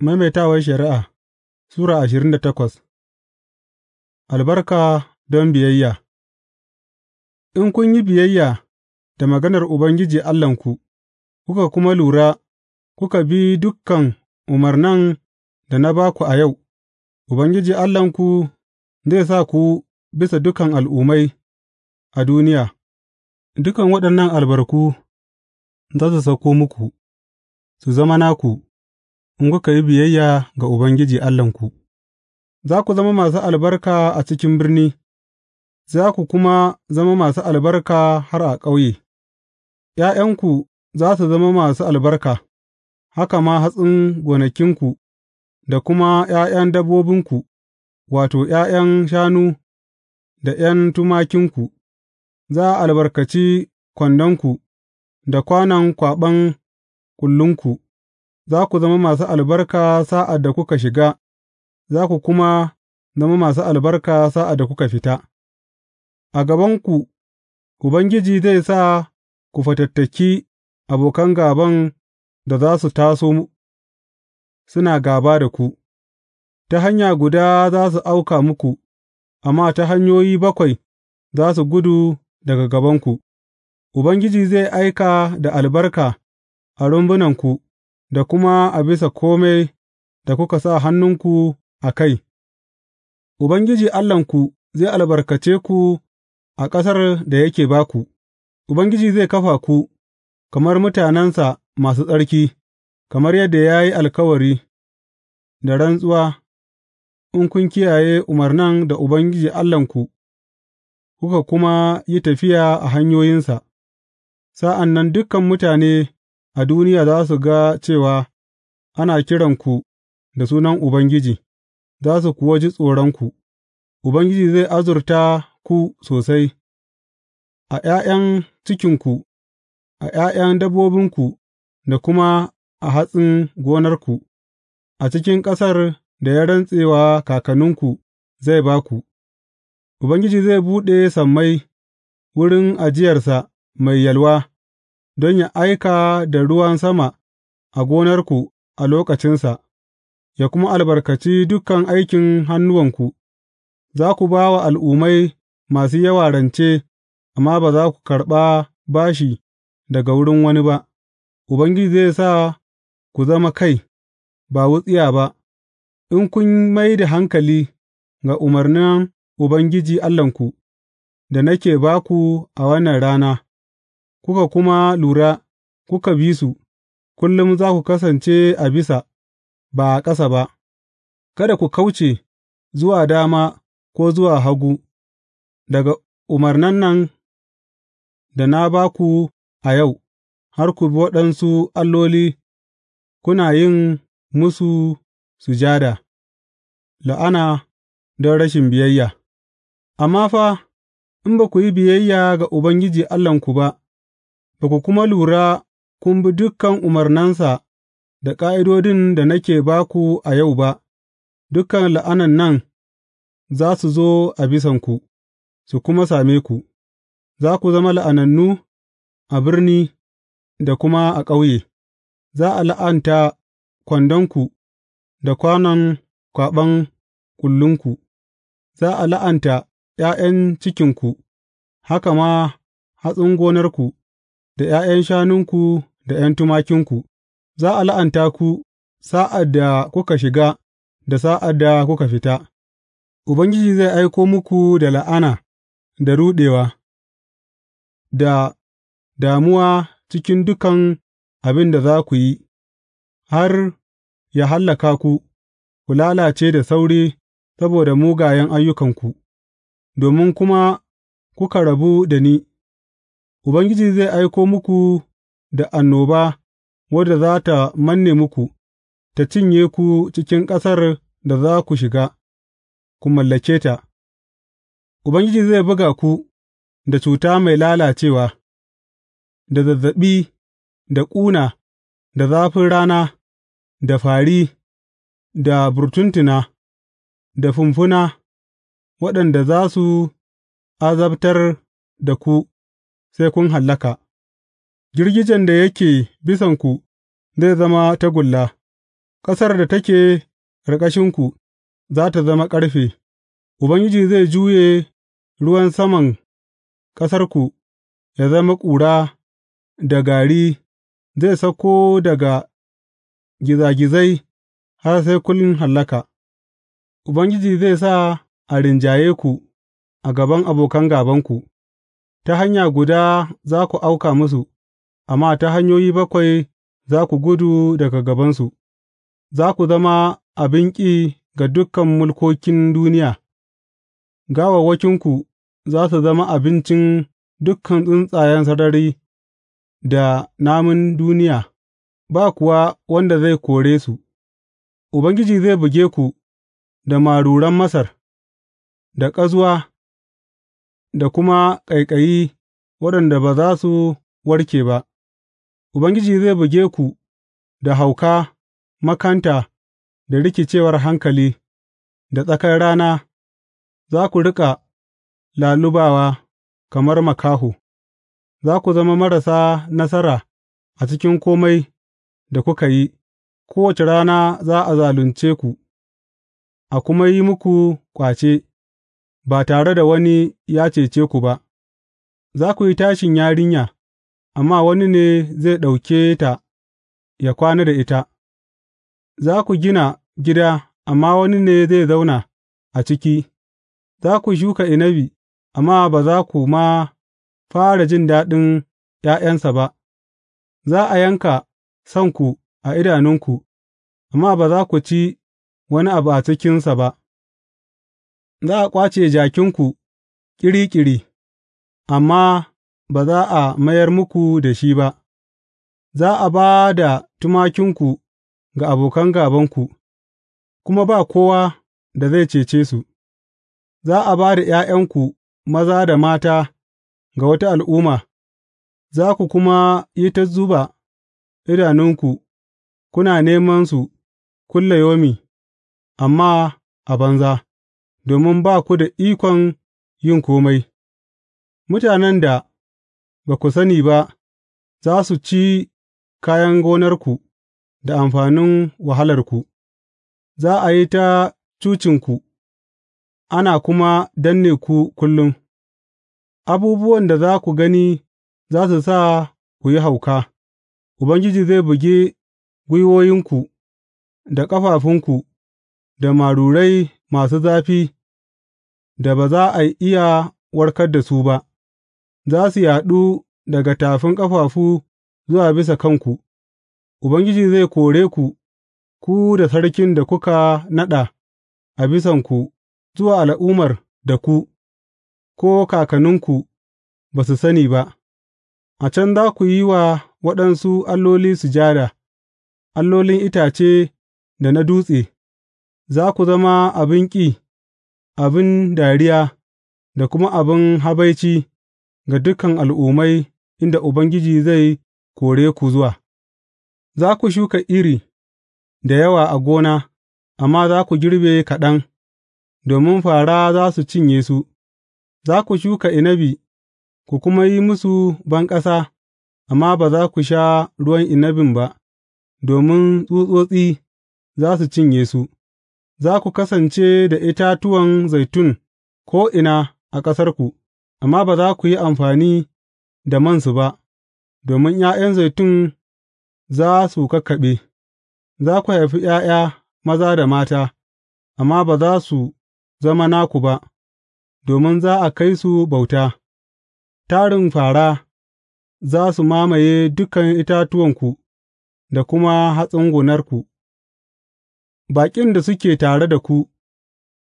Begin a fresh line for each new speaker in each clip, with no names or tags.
Maimaitawar Shari'a Sura ashirin da takwas Albarka don biyayya In kun yi biyayya da maganar Ubangiji Allahnku, kuka kuma lura, kuka bi dukkan umarnan da na ba ku a yau, Ubangiji Allahnku zai sa ku bisa dukan al'ummai a duniya, dukan waɗannan albarku za su sauko muku, su zama naku. in kuka yi biyayya ga Ubangiji Allahnku, za ku zama masu albarka a cikin birni, za ku kuma zama masu albarka har a ƙauye, ’ya'yanku za su zama masu albarka, haka ma hatsin gonakinku da kuma ’ya'yan dabbobinku, wato, ’ya'yan shanu da ’yan tumakinku, za a albarkaci kwandonku da kwanan kwaɓan kullunku. za ku zama masu albarka sa'ad da kuka shiga, za ku kuma zama masu albarka sa'ad da kuka fita, a gabanku Ubangiji zai sa ku fatattaki abokan gaban da za su taso suna gaba da ku, ta hanya guda za su auka muku, amma ta hanyoyi bakwai za su gudu daga gabanku, Ubangiji zai aika da albarka a rumbunanku da kuma a bisa kome da kuka sa hannunku a kai, Ubangiji Allahnku zai albarkace ku a ƙasar da yake ba ku, Ubangiji zai kafa ku kamar mutanensa masu tsarki, kamar yadda ya yi alkawari da rantsuwa, in kun kiyaye umarnan da Ubangiji Allahnku, kuka kuma yi tafiya a hanyoyinsa, sa'an nan dukan mutane. a duniya za su ga cewa ana kiranku da sunan Ubangiji, za su kuwa ji tsoronku, Ubangiji zai azurta ku sosai, a ’ya'yan cikinku, a ’ya'yan dabbobinku da kuma a hatsin gonarku, a cikin ƙasar da ya rantsewa kakanninku zai ba ku, Ubangiji zai buɗe sammai wurin ajiyarsa mai yalwa. don yă aika da ruwan sama a gonarku a lokacinsa, yă kuma albarkaci dukan aikin hannuwanku, za ku ba wa al'ummai masu yawa rance, amma ba za ku karɓa bashi daga wurin wani ba, Ubangiji zai sa ku zama kai, ba wutsiya ba, in kun mai da hankali ga umarnin Ubangiji Allahnku, da nake ba ku a wannan rana. kuka kuma lura, kuka bi su, kullum za ku kasance a bisa, ba a ƙasa ba, kada ku kauce zuwa dama ko zuwa hagu, daga umarnan nan da na ba ku a yau, har ku bi waɗansu alloli kuna yin musu sujada, la'ana don rashin biyayya. Amma fa, in ba ku yi biyayya ga Ubangiji Allahnku ba, ba ku kuma lura kun bi dukan umarnansa da ƙa'idodin da nake ba ku a yau ba, dukan la'anan nan za su zo a bisanku, su kuma same ku, za ku zama la'anannu a birni da kuma a ƙauye, za a la'anta kwandonku da kwanon kwaɓan kullunku, za a la'anta ’ya'yan cikinku, haka ma hatsin gonarku. da ’ya'yan shanunku da ’yan tumakinku, za a la'anta ku sa'ad da kuka shiga da sa'ad da kuka fita; Ubangiji zai aiko muku da la'ana, da ruɗewa, da damuwa cikin dukan abin da za ku yi, har ya hallaka ku, ku lalace da sauri saboda mugayen ayyukanku, domin kuma kuka rabu da ni. Ubangiji zai aiko muku da annoba wadda za ta manne muku, ta cinye ku cikin ƙasar da za ku shiga, ku mallake ta, Ubangiji zai buga ku da cuta mai lalacewa, da zazzaɓi, da ƙuna, da zafin rana, da fari da burtuntuna, da fumfuna, waɗanda za su azabtar da ku. sai kun hallaka, girgijen da yake bisanku zai zama tagulla, ƙasar da take ƙarƙashinku za ta zama ƙarfe, Ubangiji zai juye ruwan saman ƙasarku ya zama ƙura da gari, zai sauko daga gizagizai har sai kun hallaka. Ubangiji zai sa a rinjaye ku a gaban abokan gabanku. Ta hanya guda za ku auka musu, amma ta hanyoyi bakwai za ku gudu daga gabansu; za ku zama abin ƙi ga dukan mulkokin duniya, gawawwakinku za su zama abincin dukan tsuntsayen sarari da namun duniya, ba kuwa wanda zai kore su; Ubangiji zai buge ku da maruran Masar, da ƙazuwa. da kuma ƙaiƙayi waɗanda ba za su warke ba, Ubangiji zai buge ku da hauka, makanta, da rikicewar hankali, da tsakar rana, za ku riƙa lalubawa kamar makaho, za ku zama marasa nasara a cikin komai da kuka yi, kowace rana za a zalunce ku, a kuma yi muku ƙwace. ba tare da wani ya cece ku ba, za ku yi tashin yarinya, amma wani ne zai ɗauke ta ya kwana da ita, za ku gina gida, amma wani ne zai zauna a ciki, za ku shuka inabi, amma ba za ku ma fara jin daɗin ’ya'yansa ba, za a yanka sanku a idanunku, amma ba za ku ci wani abu a cikinsa ba. Za a ƙwace jakinku ƙiri ƙiri, amma ba za a mayar muku da shi ba; za a ba da tumakinku ga abokan gābanku, kuma ba kowa da zai cece su; za a ba da ’ya'yanku maza da mata ga wata al'umma, za ku kuma yi ta zuba idanunku kuna nemansu yomi, amma a banza. domin ba ku da ikon yin kome, mutanen da ba ku sani ba za su ci kayan gonarku da amfanin wahalarku, za a yi ta cucinku, ana kuma danne ku kullum, abubuwan da za ku gani za su sa ku yi hauka, Ubangiji zai buge gwiwoyinku da ƙafafunku da marurai masu zafi. da ba za a iya warkar da su ba, za su yaɗu daga tafin ƙafafu zuwa bisa kanku, Ubangiji zai kore ku, ku da sarkin da kuka naɗa a bisanku zuwa al'ummar da ku, ko kakanninku ba su sani ba, a can za ku yi wa waɗansu alloli sujada, allolin itace da na dutse, za ku zama abin ƙi. abin dariya da kuma abin habaici ga dukan al'ummai inda Ubangiji zai kore ku zuwa; za ku shuka iri da yawa a gona, amma za ku girbe kaɗan, domin fara za su cinye su; za ku shuka inabi ku kuma yi musu banƙasa, amma ba za ku sha ruwan inabin ba, domin tsutsotsi za su cinye su. za ku kasance da itatuwan zaitun ko'ina a ƙasarku, amma ba za ku yi amfani da mansu ba, domin ’ya'yan zaitun za su kakkaɓe, za ku haifi ’ya'ya maza da mata, amma ba za su zama naku ba, domin za a kai su bauta, tarin fara za su mamaye dukan itatuwanku da kuma hatsin gonarku. Baƙin da suke tare da ku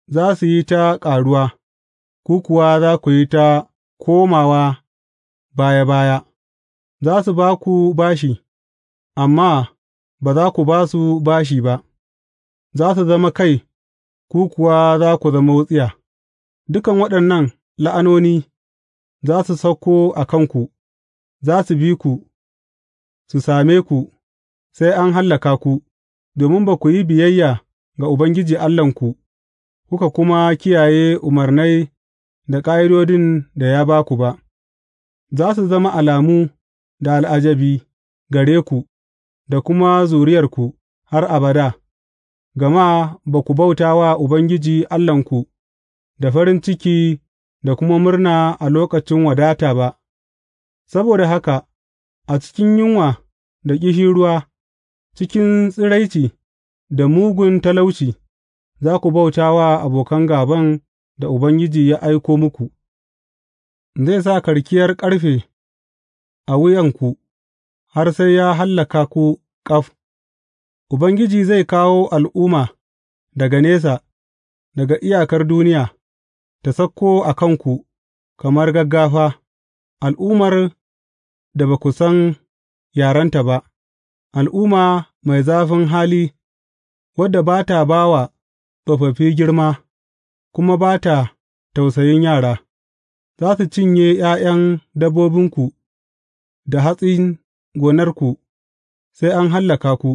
za su yi ta ƙaruwa, ku kuwa za ku yi ta komawa baya baya; za su ba ku bashi, amma ba za ku ba su bashi ba; za su zama kai, ku kuwa za ku zama wutsiya; dukan waɗannan la'anoni za su sauko a kanku, za su bi ku, su same ku, sai an hallaka ku. domin ba ku yi biyayya ga Ubangiji Allahnku, kuka kuma kiyaye umarnai da ƙa'idodin da ya ba ku ba, za su zama alamu da al'ajabi gare ku da kuma zuriyarku har abada, gama ba ku bauta wa Ubangiji Allahnku da farin ciki da kuma murna a lokacin wadata ba, saboda haka a cikin yunwa da ƙishirwa Cikin tsiraici da mugun talauci za ku bauta wa abokan gaban da Ubangiji ya aiko muku; zai sa karkiyar ƙarfe a wuyanku har sai ya hallaka ku ƙaf, Ubangiji zai kawo al'umma daga nesa, daga iyakar duniya, ta sauko a kanku kamar gaggafa, al'ummar da ba ku san yarenta ba, al'umma mai zafin hali, wadda ba ta ba wa tsofaffi girma, kuma ba ta tausayin yara, za su cinye ’ya'yan dabbobinku da hatsin gonarku, sai an hallaka ku,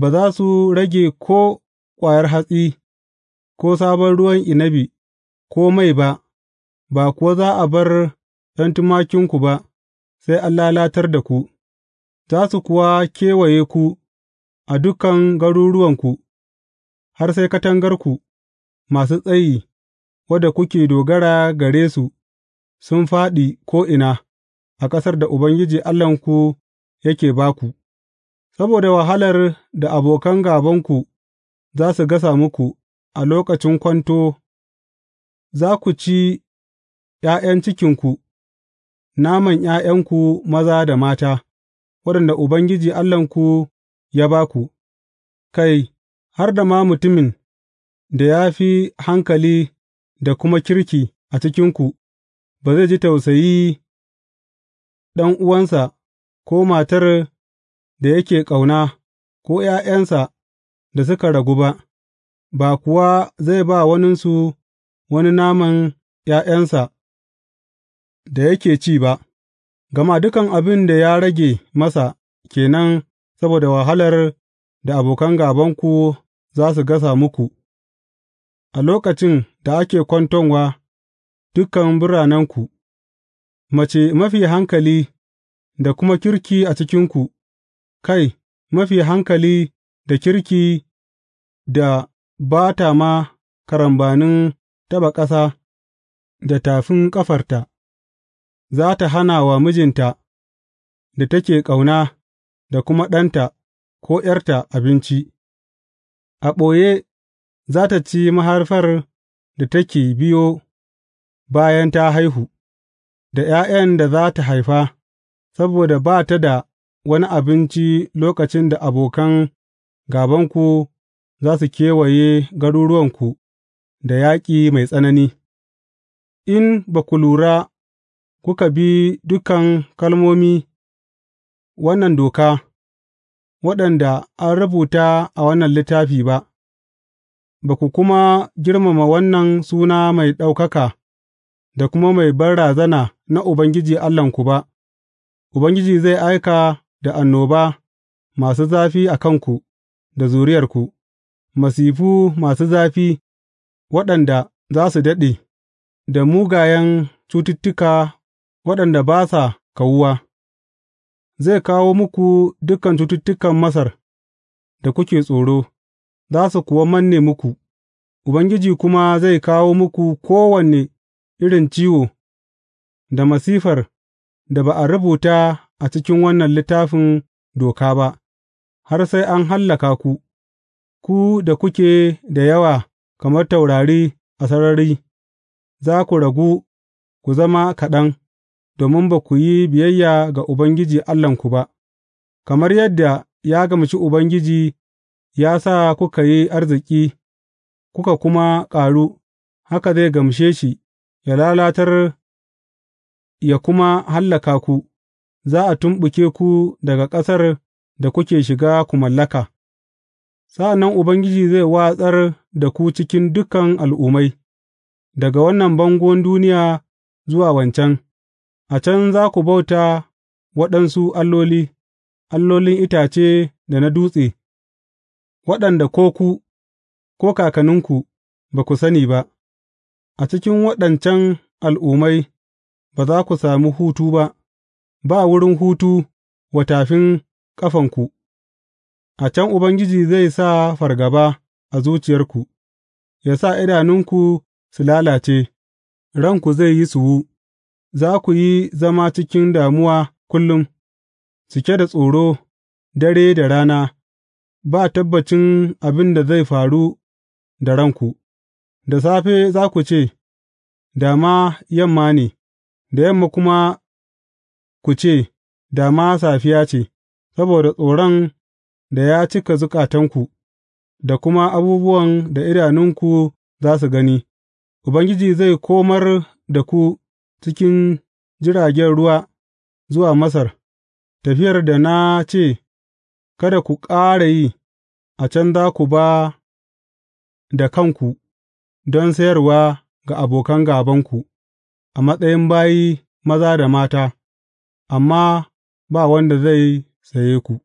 ba za su rage ko ƙwayar hatsi, ko sabon ruwan inabi, ko mai ba, ba kuwa za a bar ’yan tumakinku ba, sai an lalatar da ku. za su kuwa kewaye ku a dukan garuruwanku, har sai katangarku masu tsayi, wadda kuke dogara gare su, sun fāɗi ko'ina a ƙasar da Ubangiji Allahnku yake ba ku, saboda wahalar da abokan gābanku za su gasa muku a lokacin kwanto, za ku ci ’ya'yan cikinku, naman ’ya'yanku maza da mata. waɗanda Ubangiji Allahnku ya ba ku, kai, har da ma mutumin da ya fi hankali da kuma kirki a cikinku, ba zai ji tausayi uwansa ko matar da yake ƙauna ko ’ya'yansa da suka ragu ba, ba kuwa zai ba waninsu wani naman ’ya'yansa da yake ci ba. Gama dukan abin da ya rage masa ke nan saboda wahalar da abokan gābanku za su gasa muku a lokacin da ake kwantonwa dukan biranenku, mace mafi hankali da kuma kirki a cikinku, kai, mafi hankali da kirki da ba ta ma karambanin taɓa ƙasa da tafin ƙafarta. za tă hana wa mijinta da take ƙauna da kuma ɗanta ko ’yarta abinci, a ɓoye za tă ci mahaifar da take biyo bayan ta haihu, da ’ya'yan da za ta haifa, saboda ba ta da wani abinci lokacin da abokan gabanku za su kewaye garuruwanku da yaƙi mai tsanani, in ba ku lura kuka bi dukan kalmomi wannan doka, waɗanda an rubuta a wannan littafi ba, ba ku kuma girmama wannan suna mai ɗaukaka da kuma mai barazana na Ubangiji Allahnku ba, Ubangiji zai aika da annoba masu zafi a kanku da zuriyarku, masifu masu zafi waɗanda za su daɗe, da mugayen cututtuka waɗanda ba sa kawuwa, zai kawo muku dukan cututtukan Masar da kuke tsoro, za su kuwa manne muku, Ubangiji kuma zai kawo muku kowane irin ciwo da masifar da ba a rubuta a cikin wannan littafin doka ba, har sai an hallaka ku, ku da kuke da yawa kamar taurari a sarari, za ku ragu ku zama kaɗan. domin ba ku yi biyayya ga Ubangiji Allahnku ba, kamar yadda ya gamshi Ubangiji ya sa kuka yi arziki kuka kuma ƙaru, haka zai gamshe shi ya lalatar ya kuma hallaka ku, za a tumɓuke ku daga ƙasar da kuke shiga ku mallaka. Sa'an nan Ubangiji zai watsar da ku cikin dukan al'ummai, daga wannan bangon duniya zuwa wancan. A can za ku bauta waɗansu alloli, allolin itace da na dutse, waɗanda ko ku, ko kakanninku ba ku sani ba, a cikin waɗancan al'ummai ba za ku sami hutu ba, ba wurin hutu wa tafin ƙafanku, a can Ubangiji zai sa fargaba a zuciyarku, ya sa idanunku su lalace, ranku zai yi suwu. za ku yi zama cikin damuwa kullum, cike da tsoro, dare da rana, ba tabbacin abin da zai faru da ranku, da safe za ku ce, Da ma yamma ne, da yamma kuma ku ce, Da ma safiya ce, saboda tsoron da ya cika zukatanku, da kuma abubuwan da idanunku za su gani, Ubangiji zai komar da ku cikin jiragen ruwa zuwa Masar, tafiyar da na ce, Kada ku ƙara yi, a can za ku ba da kanku don sayarwa ga abokan gābanku, a matsayin bayi maza da mata, amma ba wanda zai saye ku.’